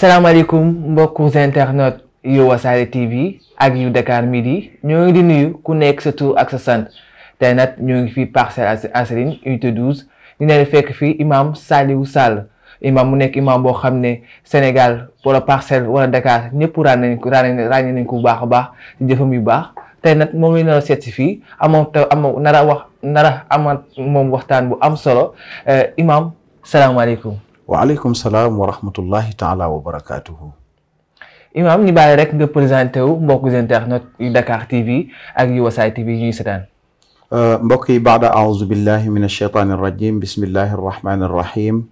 asalaamaaleykum mbokku internet a wasaare TV ak yu Dakar Midi ñoo ngi di nuyu ku nekk sa tur ak sa sant tey nag ñoo ngi fi Parcelles Assainies unité 12 ñu leen fekk fii imaam Saliou Sall imam mu nekk imam boo xam ne Sénégal wala Parcelles wala Dakar ñëpp ràññee nañ ko ràññee nañ ko bu baax a baax ci jëfam yu baax tey nag moom la ñu doon seet si nara wax nara amaat moom waxtaan bu am solo eh, imam salaamaaleykum. wa salaam wa rahmatullahi taala wa barakaatuhu. Imaam ñu bàyyi rek nga présenté wu mbokku internet yu Dakar TV ak yu Wassare TV ñuy seetaan. Euh, mbokk yi baada aawuzu billahi min alcheytaani arrajim bismillahi arrahmani arrahim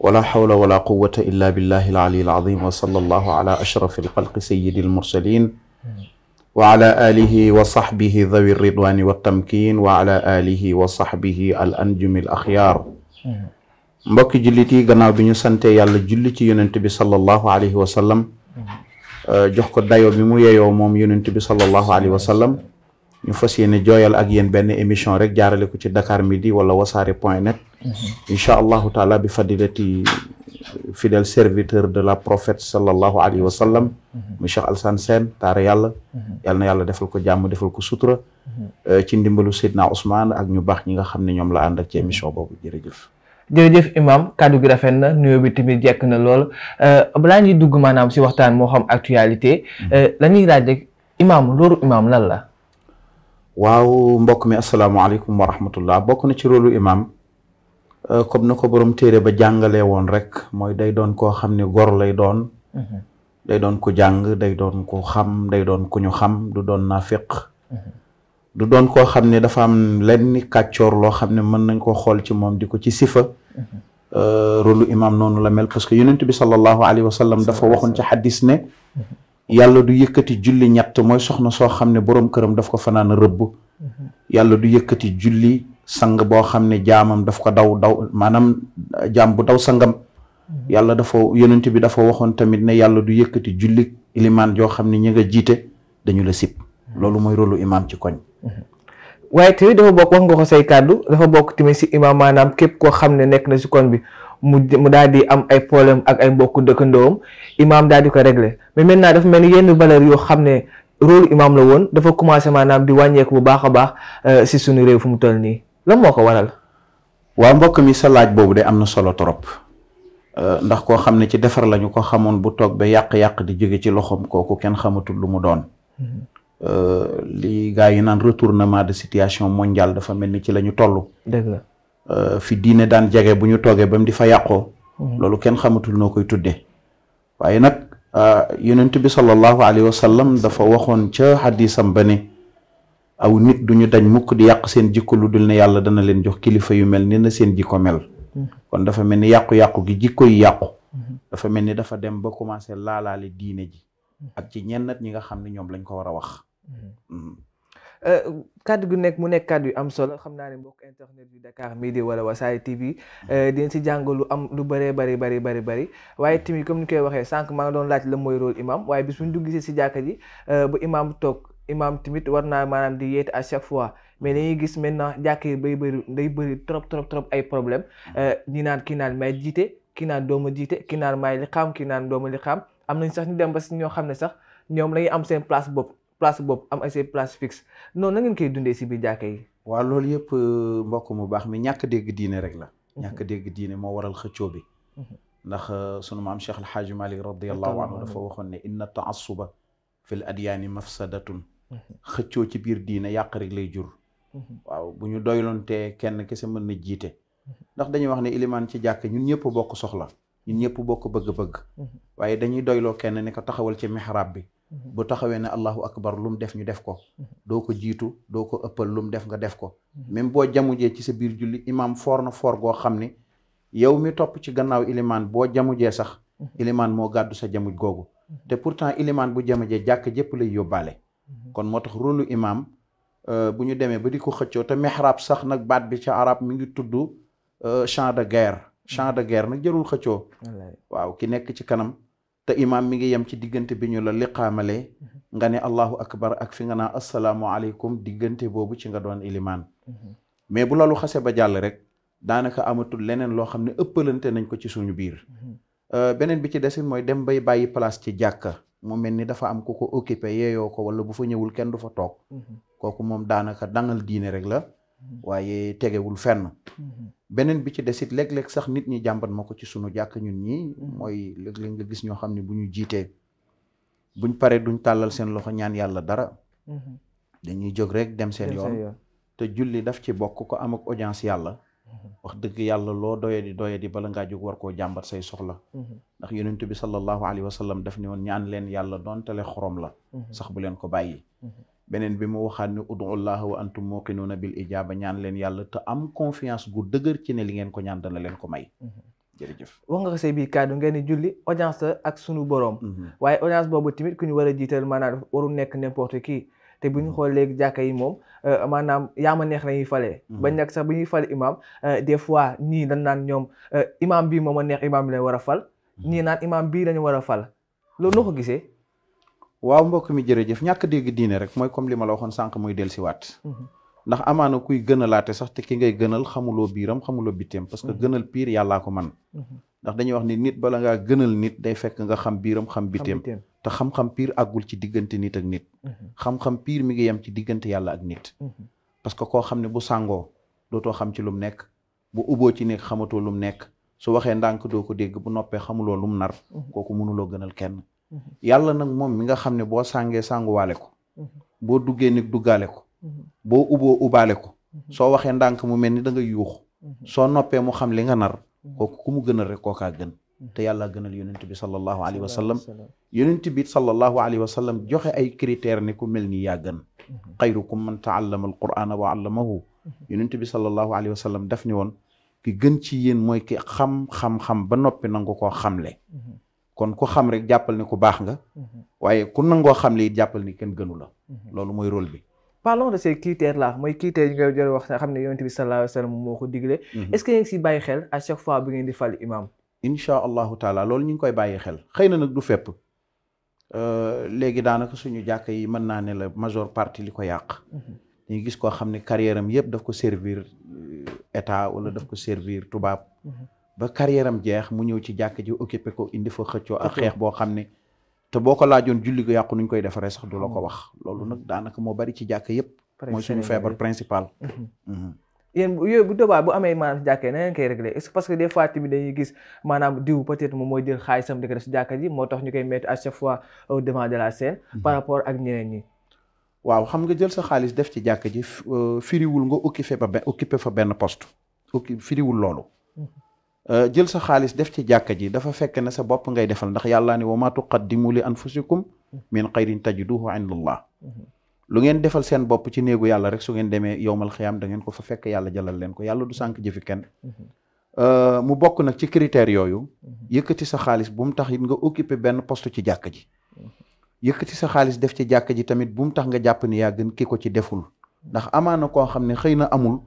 wala xawla wala quwata illa billahi alali alazim wa sallallahu ala ashrafi alxalqi sayidi almursalin wa ala alihi wa saxbihi dawi ridwani wa tamkin wa ala alihi wa saxbihi al anjumi al mbokki jullit yi gannaaw bi ñu sante yàlla julli ci yonent bi sallallahu alayhi wa sallam euh, jox ko dayoo bi mu yeyoo moom yonent bi sallallahu alayhi sallam ñu fas yéene jooyal ak yéen benn émission rek jaarale ko ci Dakar Midi wala wasaare point net mhm. inchaa allahu taala bi fadilati fidèle serviteur de la prophète sallallahu alayhi wa sallam mu mhm. Cheikh Alsane Sène taara yàlla mhm. yàlla yàlla defal ko jàmm defal ko sutura euh, ci ndimbalu Seydina Ousmane ak ñu baax ñi nga xam ne ñoom la ànd ak ci émission boobu jërëjëf jërëjëf imam kaddu gi rafet na nuyoo bi jekk na lool euh, balaa ñuy dugg maanaam si waxtaan moo xam actualité mhm. euh, lañuy ñuy laaj rek imam loolu imam lan la waaw mbokk mi asalaamaaleykum wa rahmatullah bokk na ci roolu imaam euh, comme na ko borom téere ba jàngalee woon rek mooy day doon koo xam ne gor lay doon mhm. day doon ku jàng day doon ku xam day doon ku ñu xam du doon naafiq mhm. du doon koo xam ne dafa am lenn kàccoor loo xam ne mën nañ koo xool ci moom di ko ci sifa euh, rôlu imam noonu la mel parce que yonent bi sallallahu alayhi wa sallam dafa waxoon ci xadis ne yàlla du yëkkati julli ñett mooy soxna soo xam ne boroom këram daf ko fanaan rëbb mhm. yàlla du yëkkati julli sang boo xam ne jaamam daf ko daw daw maanaam jaam bu daw sangam mhm. yàlla dafa yonent bi dafa waxoon tamit ne yàlla du yëkkati julli ilimaan joo xam ne ñi nga jiite dañu la sib loolu mooy rôle imaam ci koñ. waaye tamit dafa bokk wax nga ko say kàddu dafa bokk tamit si imaam maanaam képp koo xam ne nekk na si koñ bi mu mu daal di am ay problème ak ay mbokku dëkkandoom imaam daal di ko réglé maintenant dafa mel ni yenn valeur yoo xam ne rôle imaam la woon dafa commencé maanaam di wàññeeku bu baax a baax euh, si suñu réew fu mu toll nii lan moo ko waral. waa mbokk mi sa laaj boobu de am na solo trop euh, ndax koo xam ne ci defar lañu ko xamoon bu toog ba yàq-yàq di jóge ci loxoom kooku kenn xamatul lu mu doon. Mm-hmm. Euh, li gars yi naan retournement de situation mondiale dafa mel ni ci lañu toll. dëgg la euh, fi diine daan jege bu ñu toogee ba mu di fa yàqoo. Mhm. loolu kenn xamatul noo koy tuddee. waaye nag euh, yonent bi sallallahu alayhi wa sallam dafa waxoon ca xadisam ba ne aw nit du ñu dañ mukk di yàq seen jikko lu dul ne yàlla dana leen jox kilifa yu mel ni na seen jikko mel. Mhm. kon dafa mel ni yàqu-yàqu gi jikko yi yàqu. Mhm. dafa mel ni dafa dem ba commencé laalaale diine ji. ak ci ñenn ñi nga xam ne ñoom lañ ko war a wax. Euh, kaddu gu nekk mu nekk kaddu yu am solo xam naa ne mbokk internet yu Dakar Midi wala Wassare TV euh, dina si jàng lu am lu bëree bari bari bari bëri waaye tamit comme ni koy waxee sànq maa ngi laaj la mooy rôle waaye bis bu ñu dugg si jàkka ji euh, bu imam toog imam tamit war naa maanaam di yeete à chaque fois mais dañuy gis maintenant jàkka bay bëri day bëri trop trop trop ay problème ñi naan kii naan may jiite kii naan dooma jiite kii naan may li xam kii naan xam am nañ sax ñu dem ba si ñoo xam ne sax ñoom lañuy am seen place bopp place bopp am ay say place fixe non na ngeen dundee si biir jàkka yi. waaw loolu yëpp euh, mbokk mu baax mi ñàkk dégg diine rek la. Mhm. ñàkk dégg diine moo waral xëccoo bi. Mhm. ndax euh, sunu maam Cheikh El Hadj Malick radiyallahu anhu dafa waxoon ne inna taassuba fi l adyaani mafsadatun mhm. xëccoo ci biir diine yàq rek lay jur. waaw bu ñu te kenn ki sa mën na jiite. ndax dañuy wax ne ilimaan ci jàkk ñun ñëpp bokk soxla. ñun ñëpp bokk bëgg-bëgg. waaye dañuy doyloo kenn ne ko ci mihraab bi. Mm-hmm. bu taxawee ne allahu akbar lu mu def ñu def ko mm-hmm. doo ko jiitu doo ko ëppal lu mu def nga def ko mm-hmm. même boo jamujee ci sa biir julli imaam foor na foor goo xam ni yow mi topp ci gannaaw ilimaan boo jamujee sax ilimaan moo gàddu sa jamuj googu te pourtant ilimaan bu jamujee jàkk jépp lay yóbbaale kon moo tax rôlu imaam euh, bu ñu demee ba di ko xëccoo te mihrab sax nag baat bi ca arab mi ngi tudd euh, champ de guerre champ de guerre nag jërul xëccoo waaw ki nekk ci kanam te imaam mi ngi yem ci diggante bi ñu la liqaamale nga ne allahu akbar ak fi nga naa asalaamualeykum diggante boobu ci nga doon ilimaan mais bu lalu xasee ba jàll rek daanaka amatul leneen loo xam ne ëppalante nañ ko ci suñu biir euh, beneen bi ci desin mooy dem bay bàyyi place ci jàkka mu mel ni dafa am ku ko occupé yeeyoo ko wala bu fa ñëwul kenn du fa toog mhm. kooku moom daanaka dangal diine rek la mhm. waaye tegewul fenn mhm. beneen bi ci desit léeg-léeg sax nit ñi jàmbat ma ko ci sunu jàkk ñun ñii mm-hmm. mooy léeg-léeg nga gis ñoo xam ne bu ñu jiitee buñ paree duñ tàllal seen loxo ñaan yàlla dara mm-hmm. dañuy jóg rek dem seen yoon te julli daf ci bokk ko am ak audience yàlla mm-hmm. wax dëgg yàlla loo doye di doye di bala ngaa jóg war koo jàmbat say soxla ndax yonent bi sallallahu alayhi wa sallam daf ne woon ñaan leen yàlla doon tele xorom la sax bu leen ko bàyyi beneen bi mu waxaat ni udullaha wa antum muqinuuna bil ijaaba ñaan leen yàlla te am confiance gu dëgër ci ne li ngeen ko ñaan dana leen ko may mhm. wax nga ko say biir kàddu ngeen di julli audience la ak sunu boroom mhm. waaye audience boobu tamit ku ñu war a jiital maanaam waru nekk n'importe kii te bu ñu mhm. xool léegi jàkka yi moom euh, maanaam yaa ma neex la yi fale. ba nag sax bu ñuy fal imaam euh, des fois ñii dañ naan ñoom euh, imaam bii moom a neex imaam bi lañ war a fal. ñii naan imaam bii lañu war a fal waaw mbokk mi jërëjëf ñàkk dégg diine rek mooy comme li ma la waxoon sànq muy dellusiwaat. Mhm. ndax amaana kuy gënalaate sax te ki ngay gënal xamuloo biiram xamuloo biteem parce que mhm. gënal piir yàllaa ko man mhm. ndax dañuy wax ni nit bala ngaa gënal nit day fekk nga xam biiram xam bitteem te xam-xam piir àggul ci diggante nit ak nit xam piir mi ngi yem ci diggante yàlla ak nit parce que koo xam ne bu sàngoo dootoo xam ci lum nekk bu ubboo ci nekk xamatoo lum nekk su waxee ndànk doo ko dégg bu noppee xamuloo lum nar kooku mënuloo gënal kenn yàlla nag moom mi nga xam ne boo sàngee sànguwaale ko boo duggee nit duggaale ko boo uboo ubaale ko soo waxee ndànk mu mel ni da yuux soo noppee mu xam li nga nar kooku ku mu gënal rek kookaa gën te yàlla gënal yonent bi sallallahu alayhi wa sallam yonent bi sallallahu alayhi wa sallam joxe ay critères ne ku mel ni yaa gën xayrukum man taallama al qur'ana wa allamahu yonent bi sallallahu alayhi wa sallam daf ni woon ki gën ci yéen mooy ki xam-xam-xam ba noppi nangu koo xamle kon ku xam rek jàppal ni ku baax nga. Mhm. waaye ku nangoo xam li jàppal ni kenn gënu la. Mhm. loolu mooy rôle bi. parlons de ces critères là mooy critères yi nga jël wax xam ne yonent bi sallallahu alayhi moo ko digle. Mhm. est-ce que si bàyyi xel à chaque fois bu ngeen di fal imam. incha allahu taala loolu ñu ngi koy bàyyi xel xëy na nag du fépp. Euh, léegi daanaka suñu jàkk yi mën naa ne la majeure partie li ko yàq. dañuy gis koo xam ne carrière am yëpp daf ko servir euh, état wala daf ko servir tubaab. ba carrière am jeex mu ñëw ci jàkk ji occupé ko indi fa xëccoo a xeex boo xam ne te boo ko laajoon julli gu yàqu nuñ koy defaree sax du la ko hmm. wax loolu nag daanaka moo bari ci jàkk yëpp mooy suñu feebar principal mhm. Mhm. yéen yooyu bu doobaa bu amee maanaam si jàkkee na ngeen koy réglé est que parce que des fois tamit dañuy gis maanaam diw peut-être moom mooy jël xaalisam def si jàkka ji moo tax ñu koy mettre à chaque fois au devant de la scène mhm. par rapport ak ñeneen ñi waaw xam nga jël sa xaalis def ci jàkk ji euh, firiwul nga occupé ba occupé fa benn poste firiwul loolu Euh, jël sa xaalis def ci jàkka ji dafa fekk ne sa bopp ngay defal ndax yàlla ne wa ma tuqaddimu li anfusikum min xayrin tajiduhu indallah mhm. lu ngeen defal seen bopp ci néegu yàlla rek su ngeen demee yowmal xiyaam dangeen ko fa fekk yàlla jëlal leen ko yàlla du sànk jëfi kenn mhm. euh, mu bokk nag ci critères yooyu mhm. yëkkati sa xaalis bu mu tax it nga occupé benn poste ci jàkka ji yëkkati sa xaalis def ci jàkka ji tamit bu mu tax nga jàpp ni yaa gën ki ko ci deful ndax amaana koo xam ne xëy na amul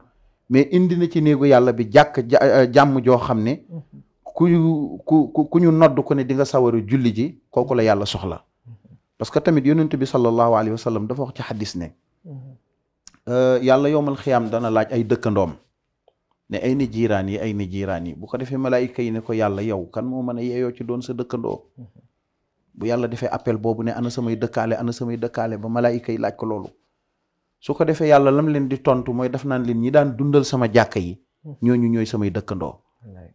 mais indi na ci néegu yàlla bi jàkk euh, euh, jàmm joo xam ne ku ku ku ñu nodd ko ne di nga sawaru julli ji kooku la yàlla soxla parce que tamit yonent bi sallallahu alayhi wa sallam dafa wax ci xadis ne euh, yàlla yowmal xiyaam dana laaj ay dëkkandoom ne ay ni jiiraan yi ay ni jiiraan yi bu ko defee malaayika yi ne ko yàlla yow kan moo mën a yeeyoo ci doon sa dëkkandoo bu yàlla defee appel boobu ne ana samay dëkkaale ana samay dëkkaale ba malaayika yi laaj ko loolu su ko defee yàlla lam leen di tontu mooy def naan leen ñi daan dundal sama jàkk yi ñooñu ñooy samay dëkkandoo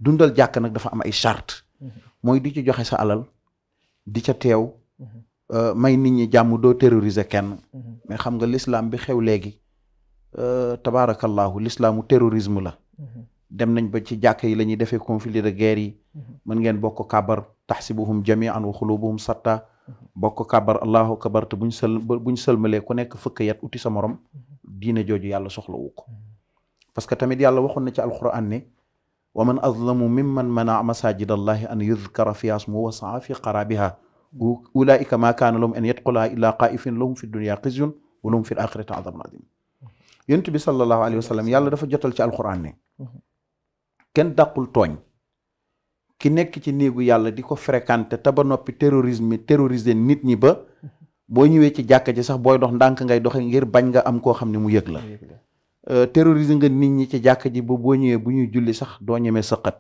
dundal jàkk nag dafa am ay charte mhm. mooy di ci joxe sa alal di ca teew mhm. euh, may nit ñi jàmm doo terroriser kenn mhm. mais xam nga lislaam bi xew léegi euh, tabaarakallahu l'islaamu terrorisme la dem nañ ba ci jàkk yi la ñuy defee conflit de guerre yi mën ngeen bokk kàbbar taxsibuhum jamian wa xulubuhum satta bokk kabar allahu akbar te buñ sël buñ sëlmalee ku nekk fëkk yat uti sa morom diine jooju yàlla soxlawu ko parce que tamit yàlla waxoon na ci alquran ne wa man azlamu mimman man masajid allahi an yudkara fi asmu wa saa fi xarabiha ulaika ma kaana lahum an yadxulaha illa xaifin lahum fi dunia xizyun wa lahum fi l axirati azabun azim yonent bi sallallahu alayhi wa sallam yàlla dafa jotal ci alquran ne kenn dàqul tooñ ki nekk ci néegu yàlla di ko fréquenter te ba noppi terrorisme yi terroriser nit ñi ba boo ñëwee ci jàkka ji sax booy dox ndànk ngay doxe ngir bañ nga am koo xam ne mu yëg la euh, terroriser nga nit ñi ci jàkka ji ba boo ñëwee bu ñuy julli sax doo ñemee sëqat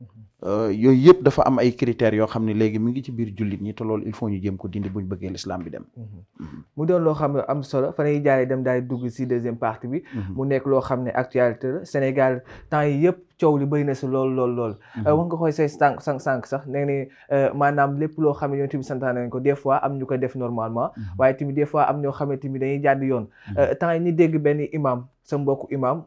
mhm. euh, yooyu yëpp dafa am ay critères yoo xam ne léegi mu ngi ci biir jullit ñi te loolu il faut ñu jéem ko dindi buñ bëggee l'islam bi dem mhm. Mhm. mu doon loo xam ne am solo fa ñuy jaaree dem daal dugg si deuxième part bi mu nekk loo xam ne actualité la Sénégal temps yi yëpp coow li bëri na si lool lool lool mhm. wax nga koy say sànq sànq euh, loo xam ne yonent bi santaane nañ ko des fois am ñu koy def normalement mhm. waaye tamit des fois am ñoo xam ne tamit dañuy jàdd yoon mhm. euh, temps yi ñu dégg benn imam sa mbokku imam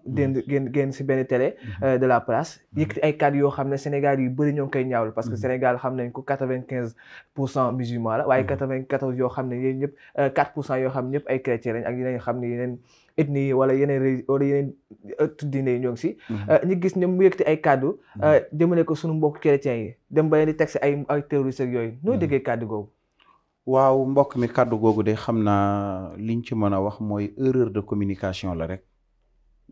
génn si benn télé euh, de la place yëkkati ay yoo xam ne Sénégal yu bëri ñoo ngi koy ñaawlu parce que Sénégal xam nañ ko quatre vingt quinze pour cent musulmans la waaye quatre vingt quatorze yoo xam ne yéen ñëpp quatre yoo xam ne ñëpp ay chrétiens lañ ak yeneen xam ne ethnie yi wala yeneen wala yeneen tuddine yi ñoo si mhm. euh, ñu gis ñoom mu yëkkati ay kàddu mhm. euh, jëmale ko suñu mbokk chrétiens yi dem ba leen di teg si ay ay terroriste ak yooyu noo mhm. déggee kàddu googu waaw mbokk mi kàddu googu de xam naa liñ ci mën a wax mooy erreur de communication la rek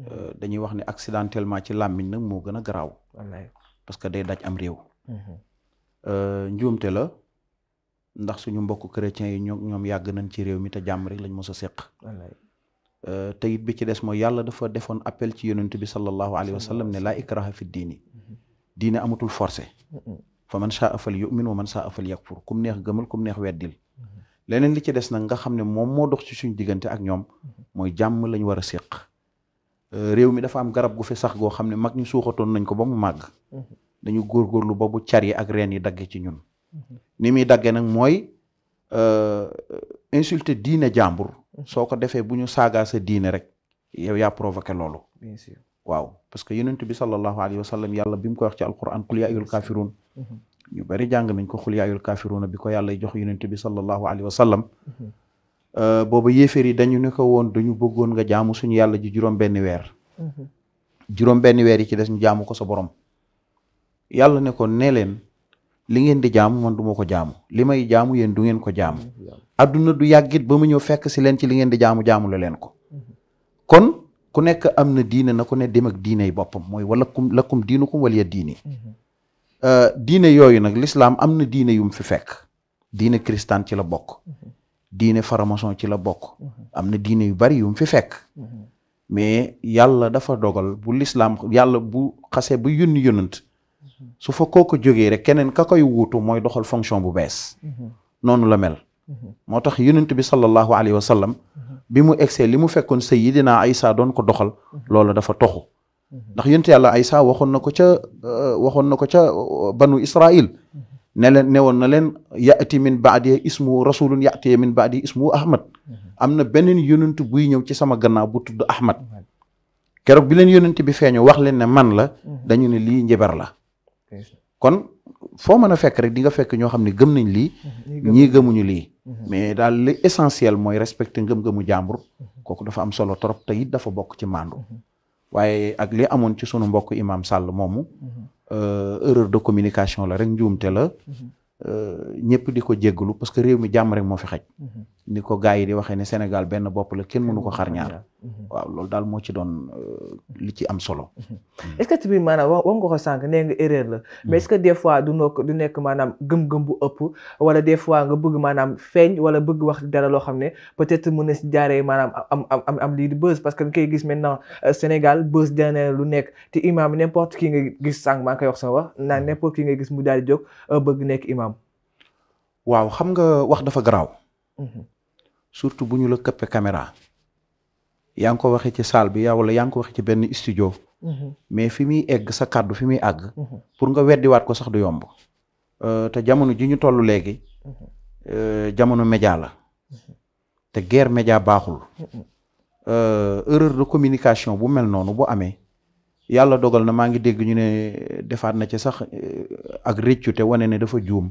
euh, dañuy wax ne accidentellement ci làmmiñ nag moo gën a garaaw parce que day daj am réew njuumte la ndax suñu mbokk chrétiens yi ñoom yàgg nañ ci réew mi te jàmm rek lañ mos a seq Euh, te it bi ci des mooy yàlla dafa defoon appel ci yonent bi sallallahu alayhi wa sallam ne laa ikraha fi diini mm-hmm. diine amatul forcé mm-hmm. fa man shaa fal yu'min wa man shaa fal yakfur kum neex gëmal kum neex weddil mm-hmm. leneen li ci des nag nga xam ne moom moo dox ci suñ diggante ak ñoom mooy jàmm lañ war a séq euh, réew mi dafa am garab gu fi sax goo xam ne mag ñu suuxatoon nañ ko ba mu màgg dañu góorgóorlu ba bu car yi ak reen yi dagge ci ñun ni muy dagge nag mooy euh, insulté diine jàmbur soo ko defee bu ñu saagaa sa diine rek yow ya provoqué loolu bien waaw parce que yonent bi sallallahu alayhi wa sallam yàlla bi mu ko wax ci alquran qul yaa ayyuhal kaafiruun mm-hmm. ñu bari jàng nañ ko qul yaa ayyuhal kaafiruuna bi ko yàlla jox yonent bi sallallahu alayhi wa sallam mm-hmm. euh, booba yéeféer yi dañu ne ko woon dañu bëggoon nga jaamu suñu yàlla ji juróom weer mm-hmm. juróom benni weer yi ci des ñu jaamu ko sa borom yàlla ne ko ne leen li ngeen di jaamu man du ma ko jaamu li may jaamu yéen du ngeen ko jaamu mm-hmm. adduna du yàggit ba mu ñëw fekk si leen ci li ngeen di jaamu jaamu la leen ko mm-hmm. kon ku nekk am na diine na ku ne dem ak diiney boppam mooy wala kum lakum diinukum waliya diini mm-hmm. uh, diine yooyu nag lislaam am na diine yum fi fekk diine kristaan ci la bokk diine faramason ci la bokk am na diine yu bari yum fi fekk mais yàlla dafa dogal bu lislaam yàlla bu xase ba yónni yónnant su fa kooku jógee rek keneen ka koy wuutu mooy doxal fonction bu bees mhm. noonu la mel mhm. moo tax yonent bi sallallahu alayhi wa sallam mhm. bi mu egsee li mu fekkoon sayidina Isa doon ko doxal loolu dafa toxu ndax yonent yàlla Isa waxoon na ko ca euh, waxoon na ko ca euh, banu Israil ne leen ne woon na leen yaati min baadi ismu rasulun yaati min baadi ismu ahmad am na beneen yonent buy ñëw ci sama gannaaw bu tudd ahmad keroog bi leen yonent bi feeñoo wax leen ne man la dañu ne lii njëbar la kon foo mën a fekk rek di nga fekk ñoo xam ne gëm nañ lii mhm. ñii gëmuñu lii mhm. mais daal li essentiel mooy respecter ngëm-ngëmu jàmbur mhm. kooku dafa am solo trop te it dafa bokk ci màndu waaye ak li amoon ci sunu mbokk imam Sall moomu euh, erreur de communication la rek njuumte la euh, ñëpp di ko jéggalu parce que réew mi jàmm rek moo fi xaj ni ko gars yi di waxee ne Sénégal benn bopp la kenn mënu ko xar ñaar. Mhm. waaw loolu daal moo ci doon euh, li ci am solo. Mhm. Mm. est-ce que tamit maanaam sànq nee nga la. Mm. mais que des fois du nokk du nekk maanaam gëm bu ëpp wala des fois nga bëgg maanaam feeñ wala bëgg wax dara loo xam ne peut-être mën na si maanaam am am am am lii parce que nga gis maintenant euh, Sénégal buzz dana lu nekk te imaam n'importe qui nga gis sànq maa ngi koy wax sama wax naan mm. n'importe qui nga gis mu daal jog jóg euh, bëgg nekk imaam. waaw xam nga wax dafa garaaw. Mhm. surtout bu ñu la këppe kamera yaa ngi ko waxee ci salle bi yaa wala yaa ngi ko waxee ci benn studio. Mhm. mais fi muy egg sa kàddu fi muy àgg. Mhm. pour nga weddiwaat ko sax du yomb. Euh, te jamono ji ñu toll léegi. Mhm. Euh, jamono média la. te guerre média baaxul. Euh, erreur de communication bu mel noonu bu amee. yàlla dogal na maa ngi dégg ñu ne defaat na ci sax ak rëccu te wane ne dafa juum.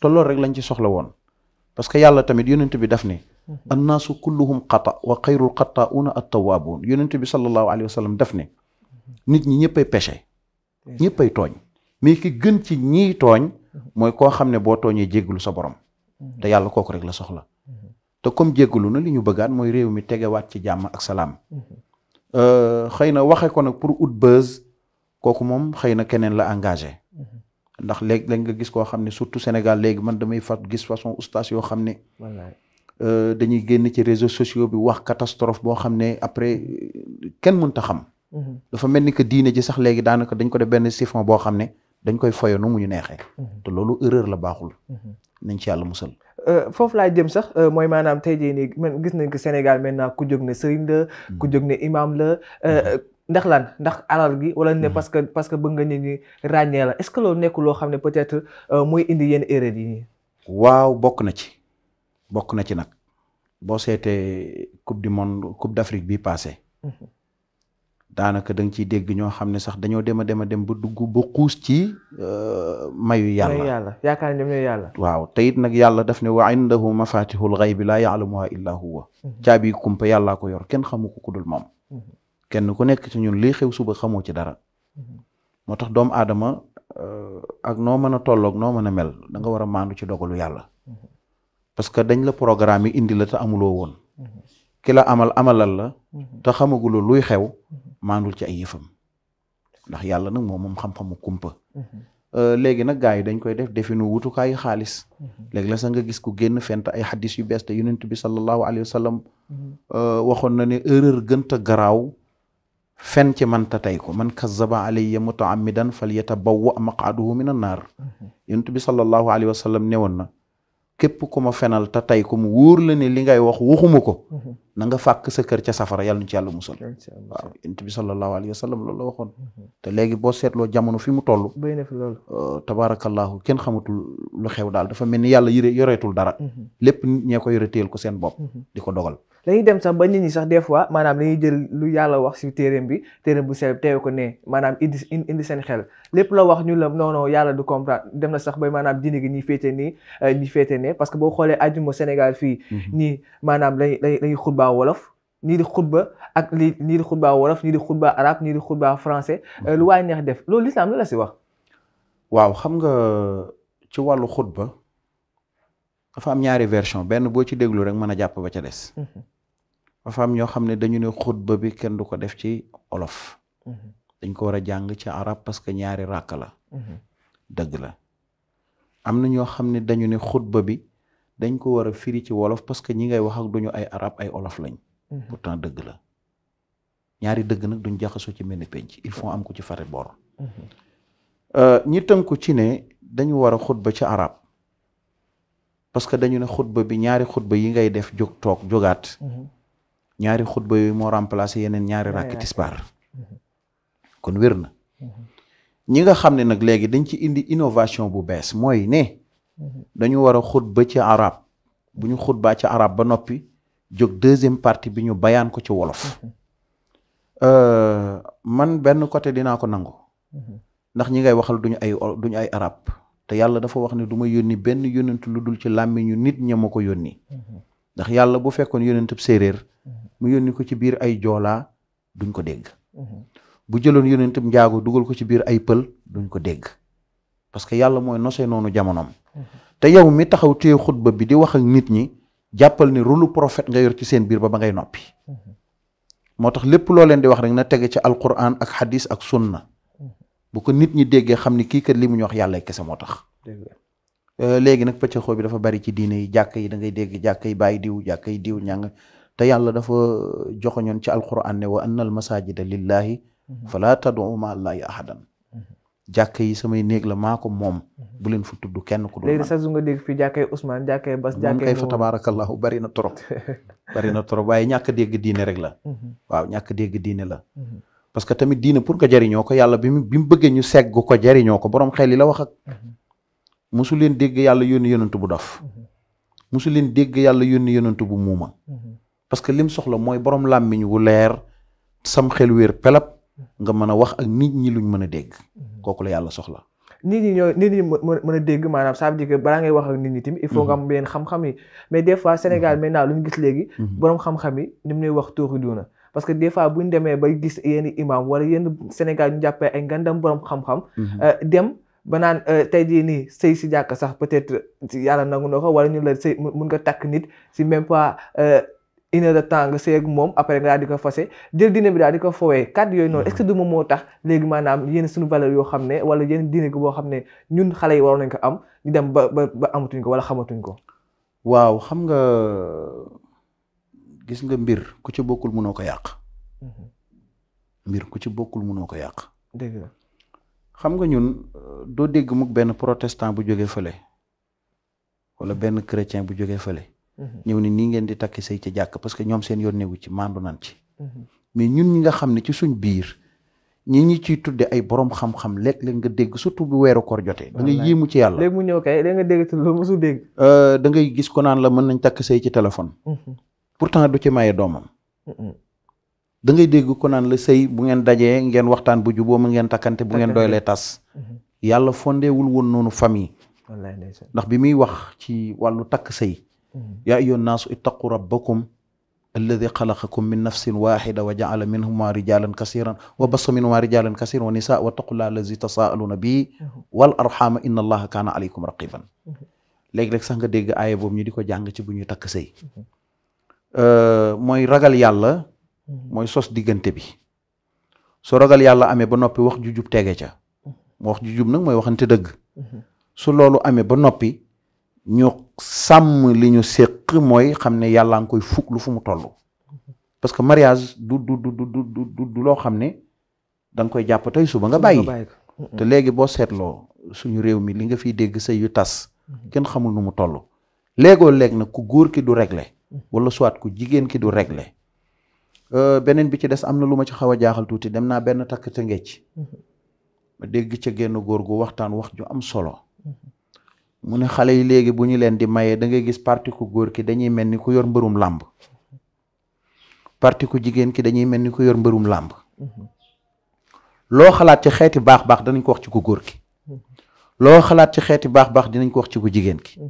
te loolu rek lañ ci soxla woon. parce que yàlla tamit yonent bi daf ni Mm-hmm. annaasu kulluhum xata wa xayrul xatauna attawaabuun yonent bi sallallahu alayhi wa sallam daf ne mm-hmm. nit ñi ñëppay péché ñëppay tooñ mais ki gën ci ñiy tooñ mm-hmm. mooy koo xam ne boo tooñee jéggalu sa borom te yàlla kooku rek la soxla te comme jéggalu na li ñu bëggaat mooy réew mi tegewaat ci jàmm ak salaam euh, xëy na waxe ko nag pour ut buzz kooku moom xëy na keneen la engagé ndax léegi lañ nga gis koo xam ne surtout Sénégal léegi man damay fat gis façon oustaz yoo xam ne Euh, dañuy génn ci réseaux sociaux bi wax catastrophe boo xam ne après euh, kenn mënta xam. Mhm. dafa mel ni que diine ji sax léegi daanaka dañ ko def benn siphon boo xam ne dañ koy foyoo nu mu ñu neexee. Mhm. te loolu erreur la baaxul. Mhm. nañ ci yàlla musal. Euh, foofu laa jëm sax mooy maanaam tey jii nii man gis nañ ko Sénégal maintenant ku jóg ne sëriñ la. ku jóg ne imam la. ndax lan ndax alal gi wala ne parce que parce que bëgg nga nit ñi ràññee la est-ce que loolu nekk loo xam ne peut-être mooy indi yenn erreur yi. waaw bokk na ci. bokk na ci nag boo seetee coupe du monde coupe d'Afrique bi passé mhm. daanaka da nga ciy dégg ñoo xam ne sax dañoo dem a dem a dem ba dugg ba xuus ci euh, mayu yàlla yàlla yaakaar ne yàlla waaw te it nag yàlla daf ne wa indahu mafatihul ghaybi laa ya'lamuha illa huwa mhm. caabi kumpa yàllaa ko yor kenn xamu ku dul moom mhm. kenn ku nekk ci ñun lii xew suba xamoo ci dara moo tax doomu aadama euh, ak noo mën a tolloog noo mën a mel danga nga war a maandu ci dogalu yàlla parce que dañ la programme yi indi la te amuloo woon ki amal amalal la te xamaguloo luy xew maandul ci ay yëfam ndax yàlla nag moom moom xam-xamu kumpa euh, léegi nag gars yi dañ koy def definu wutukaayu xaalis léegi la sax nga gis ku génn fent ay xadis yu bees te yonent bi sallallahu alayhi wa sallam euh, waxoon na ne erreur gënta garaaw fen ci man ta tey ko man kazaba alayya mutaamidan fal yatabawwa maqaduhu min an naar yonent bi sallallahu alayhi wa sallam newoon na képp ku ma fenal te tey ko mu wóor la ne li ngay wax waxuma ko mhm. na nga fàkk ca safara yàlla nu ci yàlla musal waaw yonent wa sallam loolu la waxoon mhm. te léegi boo seetloo jamono fi mu toll bëri na fi loolu euh, tabaarakallahu kenn xamatul lu xew daal dafa mel ni yàlla yore yoreetul dara mhm. lépp ñee ko yore téyel ko seen bopp mhm. di ko dogal dañuy dem sax ba nit ñi sax des fois maanaam dañuy jël lu yàlla wax si téeréem bi téeréem bu maanaam indi seen xel lépp la wax ñu la non yàlla du comprendre dem na sax ba maanaam diine gi ñi féete euh, xutba wolof ñii di xutba ak lii ñii di xutba wolof ñii di xutba arab ñii di xutba français mhm. euh, lu waay neex def loolu lislaam la la si wax waaw xam nga ci wàllu xutba dafa am ñaari version benn boo ci déglu rek mën a jàpp ba ca des mhm. dafa am ñoo xam ne dañu ne xutba bi kenn du ko def ci olof mhm. dañ ko war a jàng ci arab parce que ñaari ràkk la dëgg la am ñoo xam ne dañu ne xutba bi dañ ko war a firi ci wolof parce que ñi ngay wax ak duñu ay arab ay olof lañ. Mhm. pourtant dëgg la ñaari dëgg nag duñ jaxasoo ci mel ni penc il faut am ko ci fare bor. Mhm. Euh, ñi tënku ci ne dañu war a xutba ca arab parce que dañu ne xutba bi ñaari xutba yi ngay def jóg toog jógaat. Mhm. ñaari xutba yooyu moo remplacé yeneen ñaari rakk tisbaar kon wér na. ñi nga xam ne nag léegi dañ ci indi innovation bu bees mooy ne. dañu war a ba ci arab bu ñu xutbaa ci arab ba noppi jóg deuxième partie bi ñu bayaan ko ci wolof mm-hmm. euh, man benn côté dinaa ko nangu mm-hmm. ndax ñi ngay waxal duñu ay duñu ay arab te yàlla dafa wax ne du ma yónni benn yónent lu dul ci làmmiñu nit ña ma ko yónni mm-hmm. ndax yàlla bu fekkoon yónentub séeréer mu yónni ko ci biir ay joolaa duñ ko dégg bu jëloon yónentub njaago dugal ko ci biir ay pël duñ ko dégg parce que yàlla mooy nosee noonu jamonoom te yow mi taxaw téye xutba bi di wax ak nit ñi jàppal ne rôlu prophète nga yor ci seen biir ba ba ngay noppi moo tax lépp loo leen di wax rek na tege ci alquran ak xadiis ak sunna bu ko nit ñi déggee xam ni kii kat li mu ñu wax yàlla kese moo tax euh, léegi nag pëccëxoo bi dafa bari ci diina yi jàkk yi da ngay dégg jàkk yi bàyyi diw jàkk yi diw ñàng te yàlla dafa joxoñoon ci alquran ne wa anna al masajida lillahi mm-hmm. fala tad'u ma allahi ahadan jàkka yi samay néeg la maa ko moom. Mhm. bu leen fu tudd kenn ku dul. léegi sax su nga dégg fii jàkkay Ousmane jàkkay Bas. jàkkay kay fa tabaarakallahu bari na trop. bari na trop waaye ñàkk dégg diine rek la. Mhm. waaw ñàkk dégg diine la. Mhm. parce que tamit diine pour nga jariñoo ko yàlla bi mu bi mu bëggee ñu segg ko jariñoo ko borom xel yi la wax ak. mosu leen dégg yàlla yónni yonent bu dof. mosu leen dégg yàlla yónni yonent bu muuma. parce que lim soxla mooy boroom làmmiñ wu leer sam xel weer pelap. nga mën a wax ak nit ñi luñ mën a dégg. Mhm. kooku la yàlla soxla. nit ñi ñoo nit ñi mën a dégg maanaam ça veut dire balaa ngay wax ak nit ñi tamit il faut mhm. nga am xam-xam yi mais des fois Sénégal mhm. maintenant lu ñu gis léegi. borom xam-xam yi ni mu lay wax tuuri duuna. parce que des fois bu ñu demee ba gis yenn imam wala yenn Sénégal ñu jàppee ay ngandam borom xam-xam. Euh, dem ba naan euh, tey jii nii sëy si jàkk sax peut-être yàlla nangu na ko wala ñu la sëy mun nga takk nit si même pas. Euh, une heure de temps nga sëy ak moom après nga daal di ko fase jël diine bi daal di ko fowee kàddu yooyu noonu est-ce que du moom moo tax léegi maanaam yéen suñu valeur yoo xam ne wala yéen diine boo xam ne ñun xale yi waroon nañ ko am ñu dem ba ba ba amatuñ ko wala xamatuñ ko waaw xam nga gis nga mbir ku ci bokkul mënoo ko yàq mhm. mbir ku ci bokkul mënoo ko yàq dëgg la xam nga ñun doo dégg mukk benn protestant bu jógee fële wala benn chrétien bu jógee fële ñëw ni nii ngeen di takk sëy ci jàkk parce que ñoom seen yoon newu ci maandu nan ci mhm. mais ñun ñi nga xam ne ci suñ biir ñi ñi ciy tuddee ay borom xam-xam léeg-léeg nga dégg surtout bu weeru koor jotee da ngay yéemu ci yàlla mu ñëw kay léegi nga dégg te euh, loolu ngay gis ko naan la mën nañ takk sëy ci mhm. pour temps du ci maye doomam mhm. da ngay dégg ko naan la sëy bu ngeen dajee ngeen waxtaan bu juboo mu ngeen takkante bu ngeen doylee tas yàlla fondewul woon noonu famille ndax bi muy wax ci wàllu takk sëy yaa ayyuha nnaasu ittaqu rabbakum alladi xalaqakum min nafsin waxida wa jaala minhuma rijalan kasiran wa bassa minhuma rijalan kasiran wa nisaa wattaqullaha allazi tasaaluna bi wal arxama inna allaha kaana aleykum raqiban léegi-léeg sax nga dégg aaya boobu ñu di ko jàng ci bu ñuy takk sëy euh, mooy ragal yàlla mooy sos diggante bi su ragal yàlla amee ba noppi wax ju jub tege ca wax ju jub su loolu amee ba noppi ñu sàmm li ñu séq mooy xam ne yàllaa nga koy fukk lu fu mu toll parce que mariage du du du du du loo xam ne danga koy jàpp tey suba nga bàyyi te léegi boo seetloo suñu réew mi li nga fiy dégg sëy yu tas mm-hmm. kenn xamul nu mu toll léegoo léeg nag ku góor ki du régler mm-hmm. wala soit ku jigéen ki du régler euh, beneen bi ci des am na lu ma ci xaw a jaaxal tuuti dem naa benn takk te ngecc mm-hmm. ma dégg ca génn góor gu waxtaan wax ju am solo mu ne xale yi léegi bu ñu leen di mayee dangay gis parti ku góor ki dañuy mel ni ku yor mbërum làmb parti ku jigéen ki dañuy mel ni ku yor mbërum làmb loo xalaat ci xeeti baax baax danañ ko wax ci ku góor ki loo xalaat ci xeeti baax baax dinañ ko wax ci ku jigéen ki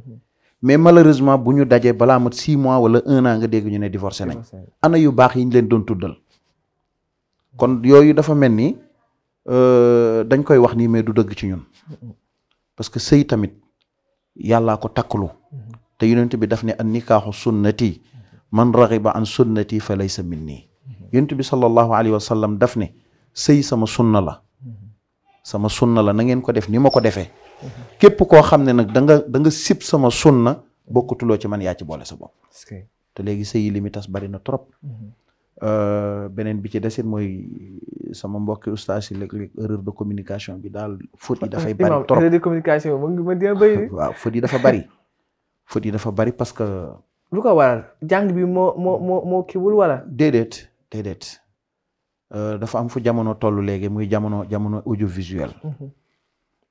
mais malheureusement bu ñu dajee balaa mat six mois wala un nga dégg ñu ne divorcé nañ ana yu baax yi ñu leen doon tuddal kon yooyu dafa mel ni euh, dañ koy wax nii mais du dëgg ci ñun parce que sëy tamit yàllaa ko takkalu mhm. te yonent bi daf ne an nikaaxu sunnati man ba an sunnati fa laysa minni mhm. yonent bi sallallahu alayhi wa sallam daf ne sëy sama sunna la mhm. sama sunna la na ngeen ko def ni ma ko defee képp koo xam ne nag danga da nga sib sama sunna bokkutuloo ci man yaa boole sa bopp te léegi sëy yi li mi tas bari na trop Euh, beneen bi ci desit mooy sama mbokki ustaas yi léeg de communication bi daal faute yi dafay bari trop erreur de communication man waaw faute yi dafa bari faute yi dafa bari parce que lu ko waral jàng bi moo moo moo moo kiwul wala déedéet déedéet euh, dafa am fu jamono toll léegi muy jamono jamono audiovisuel mhm.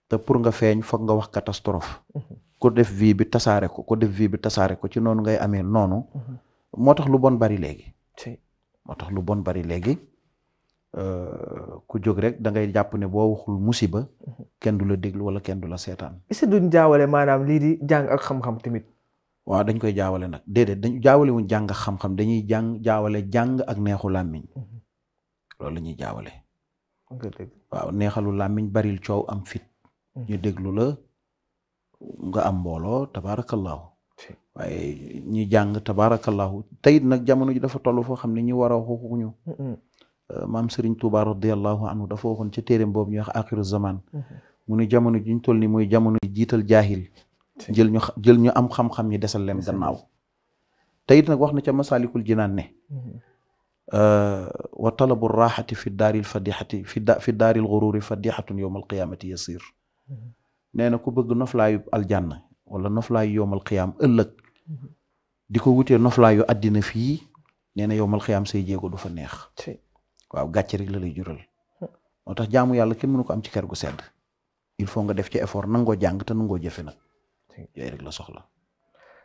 te pour nga feeñ foog nga wax catastrophe mhm. ko def vie bi tasaare ko ko vie bi tasaare ko ci noonu ngay amee noonu mhm. moo tax lu bon bari léegi moo tax lu bon bari léegi euh, ku jóg rek da ngay jàpp ne boo waxul musiba kenn du la déglu wala kenn du la seetaan. est-ce duñ jaawale maanaam lii di jàng ak xam-xam tamit. waaw dañ koy jaawale nag déedéet dañ jaawale jàng ak dañuy jàng jaawale jàng ak neexu làmmiñ mm-hmm. loolu la jaawale. waaw neexalu làmmiñ baril coow am fit. Mm-hmm. ñu déglu la nga am mbooloo tabaarakallaahu waaye ñi jàng tabaarakallahu tey it nag jamono ji dafa toll foo xam ne ñi war a waxuñu euh, maam Serigne Touba radiyallahu dafa waxoon ca téeréem boobu ñu wax axiru zaman mm-hmm. mu ne jamono ji toll ni muy jamono jiital jaahil jël jël ñu am xam-xam ñi desal leen gannaaw mm-hmm. tey nag wax na ca masalikul jinaan ne mm-hmm. euh, wa talabu raxati fi daaril fadixati fi fi daaril xururi fadixatun yowma alqiyamati nee na ku bëgg noflaayu aljanna wala noflaayu yowmal xiyaam ëllëg di ko wutee noflaayu àddina fii nee na yowmal xiyaam say jéego du fa neex. waaw gàcce rek la lay jural. moo tax jaamu yàlla kenn mënu ko am ci kër gu sedd. il faut nga def ci effort nangoo jàng te nangoo jafe nag. yooyu rek la soxla.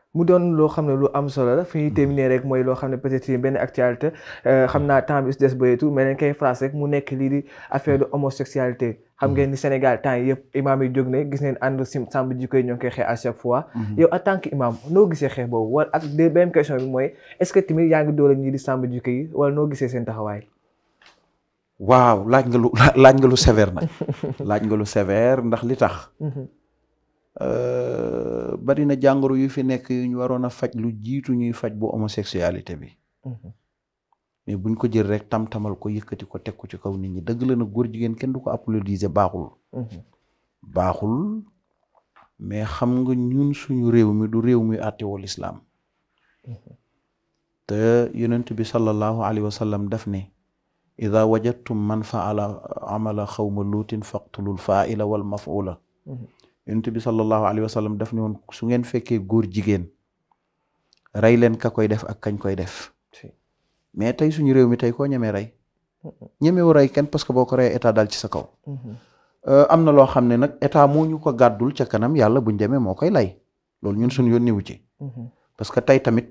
mu doon loo xam ne lu am solo la fi ñuy terminer rek mooy loo xam ne peut-être benn actualité euh, xam naa temps bi su des bareetul mais dañ koy phrase rek mu nekk lii di affaire de homosexualité xam ngeen ni Sénégal temps yëpp imaam yi jóg ne gis neen ànd sim sàmm jikko yi ñoo ngi koy xeex à chaque fois mm-hmm. yow en tant bi mooy est-ce que tamit yaa ngi doole ñii di sàmm jikko yi wala noo gisee seen taxawaay waaw laaj nga lu laaj nga lu sévère nag laaj nga lu sévère ndax li tax mm-hmm. Euh, bari na jàngoro yu fi nekk yu ñu waroon a faj lu jiitu ñuy faj bu homosexualité bi. Mhm. mais buñ ko jël rek tam-tamal ko yëkkati ko teg ko ci kaw nit ñi dëgg na góor jigéen kenn du ko applaudiser baaxul. Mhm. baaxul mais xam nga ñun suñu réew mi du réew mi àttewoo lislaam mhm. te yonent bi sallallahu alayhi wa sallam daf ne ida wajadtum man faala amala xawma luutin faqtulul faaila wal mafula yonent bi sallallahu alayhi wa daf ne woon su ngeen fekkee góor jigéen rey leen ka koy def a kañ koy def mais tey suñu réew mi tey koo ñemee rey ñemewu rey kenn parce que boo ko reyee état daal ci sa kaw mm-hmm. euh, am na loo xam ne na état moo ñu ko gàddul ca kanam yàlla buñ demee moo koy lay loolu ñun suñu yónni wu ci mm-hmm. parce que tey tamit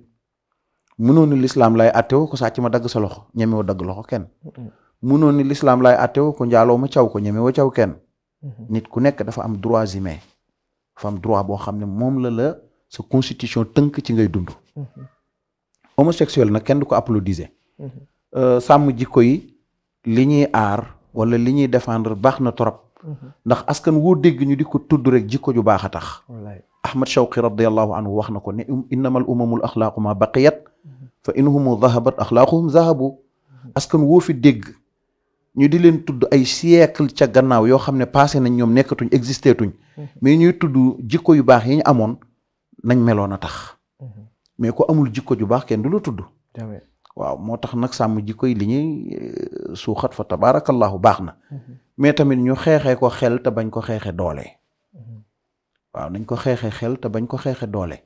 mënoon ni lislaam lay attewoo ko sàcc sa loxo ñemewoo dagg loxo kenn mm-hmm. mënoon ni lislaam lay attewoo ko njaaloo caw ko ñemewoo caw kenn Mhm. nit ku nekk dafa am droits humains dafa am droit boo xam ne moom la la sa constitution tënk ci ngay dund. Mhm. homosexuel nag kenn du ko applaudiser. Mhm. Euh, sàmm jikko yi li ñuy aar wala li ñuy défendre baax na trop. ndax askan woo dégg ñu di ko tudd rek jikko ju baax a tax. Ahmad Shawqi radiyallahu anhu wax na ko ne um, innamal umamul axlaaqu ma baqiyat fa inhumu dahabat axlaaquhum zahabu askan woo fi dégg. ñu di leen tudd ay siècle ca gannaaw yoo xam ne passé nañ ñoom nekkatuñ existé tuñ mhm. mais ñuy tudd jikko yu baax yi ñu amoon nañ meloon a tax mhm. mais ko amul jikko ju baax kenn du la tudd waaw moo tax nag sàmm jikko yi li ñuy euh, suuxat fa tabaarakallahu baax na mhm. mais tamit ñu xeexee ko xel te bañ ko xeexee doole waaw nañ ko xeexee xel te bañ ko xeexee doole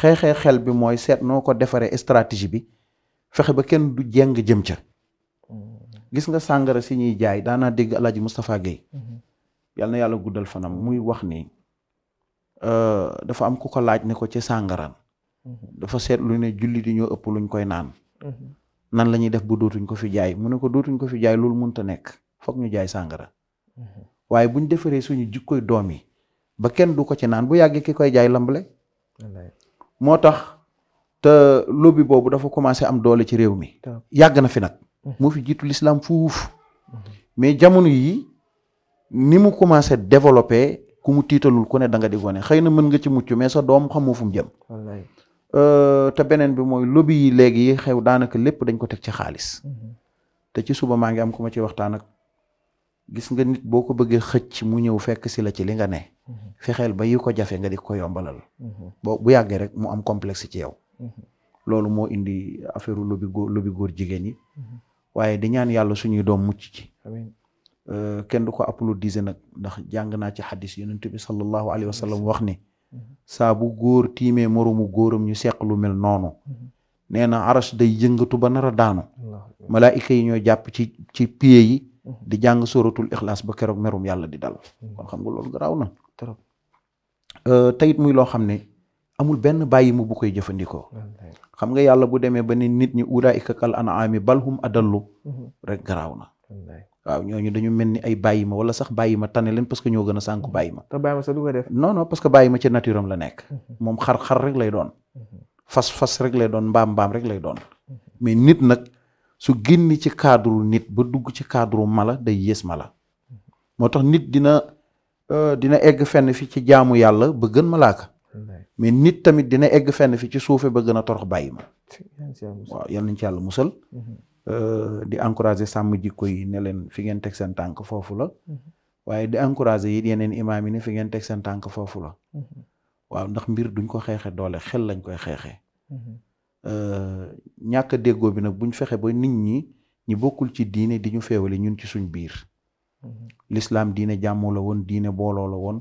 xeexee xel bi mooy seet noo ko defaree stratégie bi fexe ba kenn du jeng jëm ca gis nga sàngara si ñuy jaay daanaa dégg Alaaji Moustapha Guèye mm-hmm. yal na yàlla guddal fanam muy wax ni euh, dafa am ku ko laaj ne ko ci sàngara mm-hmm. dafa seetlu ne julli di ñoo ëpp luñ koy naan mm-hmm. nan lañuy def bu dootuñ ko fi jaay mu ne ko dootuñ ko fi jaay loolu mënta nekk foog ñu jaay sàngara waaye buñ defaree suñu jikkoy doom yi ba kenn du ko ci naan bu yàggee ki koy jaay lambale moo tax te lobby boobu dafa commencé am doole ci réew mi yàgg na fi nag Mm-hmm. moo fi jiitu l'islam fuuf mm-hmm. mais jamono yii ni mu commencé développé ku mu tiitalul ku ne da nga di gone xëy na mën nga ci mucc mais sa doom xamoo fu mu jëm euh, te beneen bi mooy lobby yi léegi xew daanaka lépp dañ ko teg ci xaalis mm-hmm. te ci suba maa ngi am ku ma ci waxtaan ak gis nga nit boo ko bëggee xëcc mu ñëw fekk si la ci li nga ne fexeel ba yi ko jafe nga di ko yombalal boo bu yàggee rek mu am complexe ci yow loolu moo indi affaire lobby góor góor jigéen yi waaye di ñaan yàlla suñuy doom mucc ci euh, kenn du ko applaudise nag ndax jàng naa ci xadis yonent bi sallallahu alayhi wa wax ni mm-hmm. saa bu góor tiimee moroomu góoram ñu seq lu mel noonu mm-hmm. nee na aras day yëngatu ba nar a daanu malaayika yi ñoo jàpp ci ci piye yi mm-hmm. di jàng sóoratul ixlaas ba keroog merum yàlla di dal kon xam nga lool garaaw na trop euh, muy loo xam ne amul benn bàyyi mu bu koy jëfandikoo xam nga yàlla bu demee ba ni nit ñi ulaa'ika kal an'aami bal hum adallu mhm. rek garaaw na waaw ñooñu dañu mel ni ay bàyyi ma wala sax bàyyi ma tane leen parce que ñoo gën a sànku mhm. bàyyi ma te bàyyi ma sax du ko def que bàyyi ma ci nature am la nekk mhm. moom xar-xar rek lay doon fas fas rek lay doon mbaam mbaam rek lay doon mais nit nag su génni ci cadre nit ba dugg ci cadre mala day yées mala moo tax nit dina euh, dina egg fenn fi ci jaamu yàlla ba gën malaaka mais nit tamit dina egg fenn fi ci suufe ba gën a torox bàyyi ma waaw yal nañ ci yàlla musal mhm. euh, di encourager sàmm jikko yi ne leen fi ngeen teg seen tànk foofu la mhm. waaye di encourager yi yeneen imaam yi ne fi ngeen teg seen tànk foofu la mhm. waaw ndax mbir duñ ko xeexe doole xel lañ koy xeexe euh, ñàkk a déggoo bi nag buñ fexe ba nit ñi ñi bokkul ci diine di ñu feewale ñun ci suñ biir lislaam diine jàmmoo la woon diine booloo la woon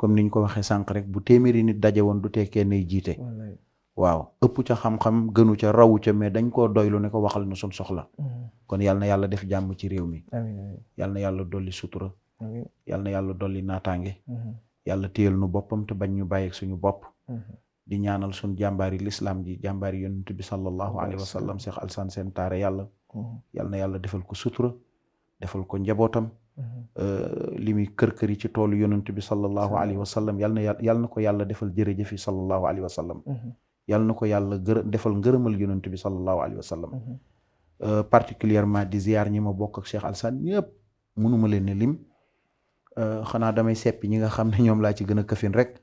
comme ni ñu ko waxee sànq rek bu téeméeri nit daje woon du te kenn jiite. waaw ëpp ca xam-xam gënu ca rawu ca mais dañ koo doylu ne ko waxal na suñ soxla mm-hmm. kon na yàlla def jàmm ci réew mi yal na yàlla dolli sutura yal na yàlla dolli naataange mm-hmm. yàlla téyal nu boppam te bañ ñu bàyyeeg suñu bopp mm-hmm. di ñaanal suñ jàmbaari lislaam ji jàmbaari yonent bi sallallahu alayhi wa sallam Cheikh Alassane Sène taare yàlla na yàlla defal ko sutura defal ko njabootam li muy kër kër yi ci toolu yonent bi sallallahu alayhi wa sallam yal na yal na ko yàlla defal jërëjëf yi sallallahu alayhi wa sallam. Mm-hmm. yal na ko yàlla gër defal ngërëmal yonent bi sallallahu alayhi wa sallam. Mm-hmm. Euh, particulièrement ñi ma bokk ak Cheikh Alassane mënuma leen ne lim euh, xanaa damay seppi ñi nga xam ne ñoom laa ci gën a këfin rek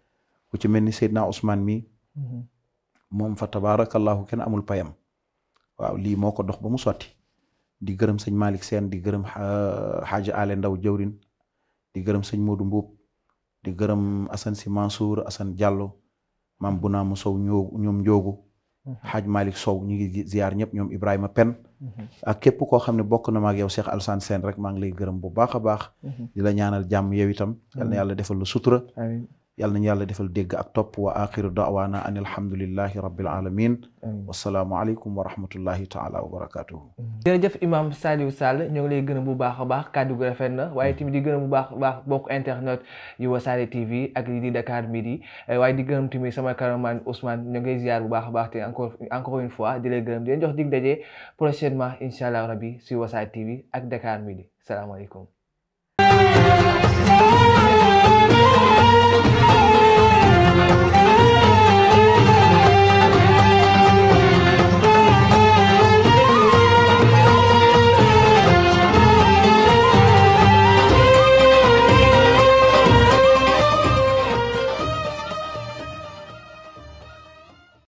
ku ci mel ni Seydina Ousmane mi mm-hmm. moom fa tabaarakallahu kenn amul payam waaw lii moo ko dox ba mu sotti. di gërëm sëñ Malick seen di gërëm xaaja euh, ale ndaw jawrin di gërëm sëñ Modou Mbuub di gërëm Assane Si Mansour asan Diallo mam bu naamu sow ñoom njoogu xaaj mm-hmm. Malick Sow ñu ngi ziar ñëpp ñoom Ibrahima Pen mm-hmm. ak képp koo xam ne bokk na ma ak yow Cheikh Alassane Sène rek maa ngi lay gërëm bu baax a baax mm-hmm. di la ñaanal jàmm yow yal na yàlla defal la sutura yàlla nañu yàlla defal dégg ak topp wa axiru daawaana an alhamdulillahi rabbil alamin wasalaamualeykum wa rahmatullahi taala wa barakatuhu jërëjëf imam Saliou Sall ñoo ngi lay gën a bu baax a baax kàddu gu rafet na waaye tamit di gën bu baax baax bokk internet yu Wassare TV ak yi di Dakar Midi waaye di gërëm tamit sama cameraman Ousmane ñoo ngi lay ziar bu baax a baax te encore encore une fois di lay gërëm di leen jox dig daje prochainement incha allah rabbi si Wassare TV ak Dakar Midi salaamaaleykum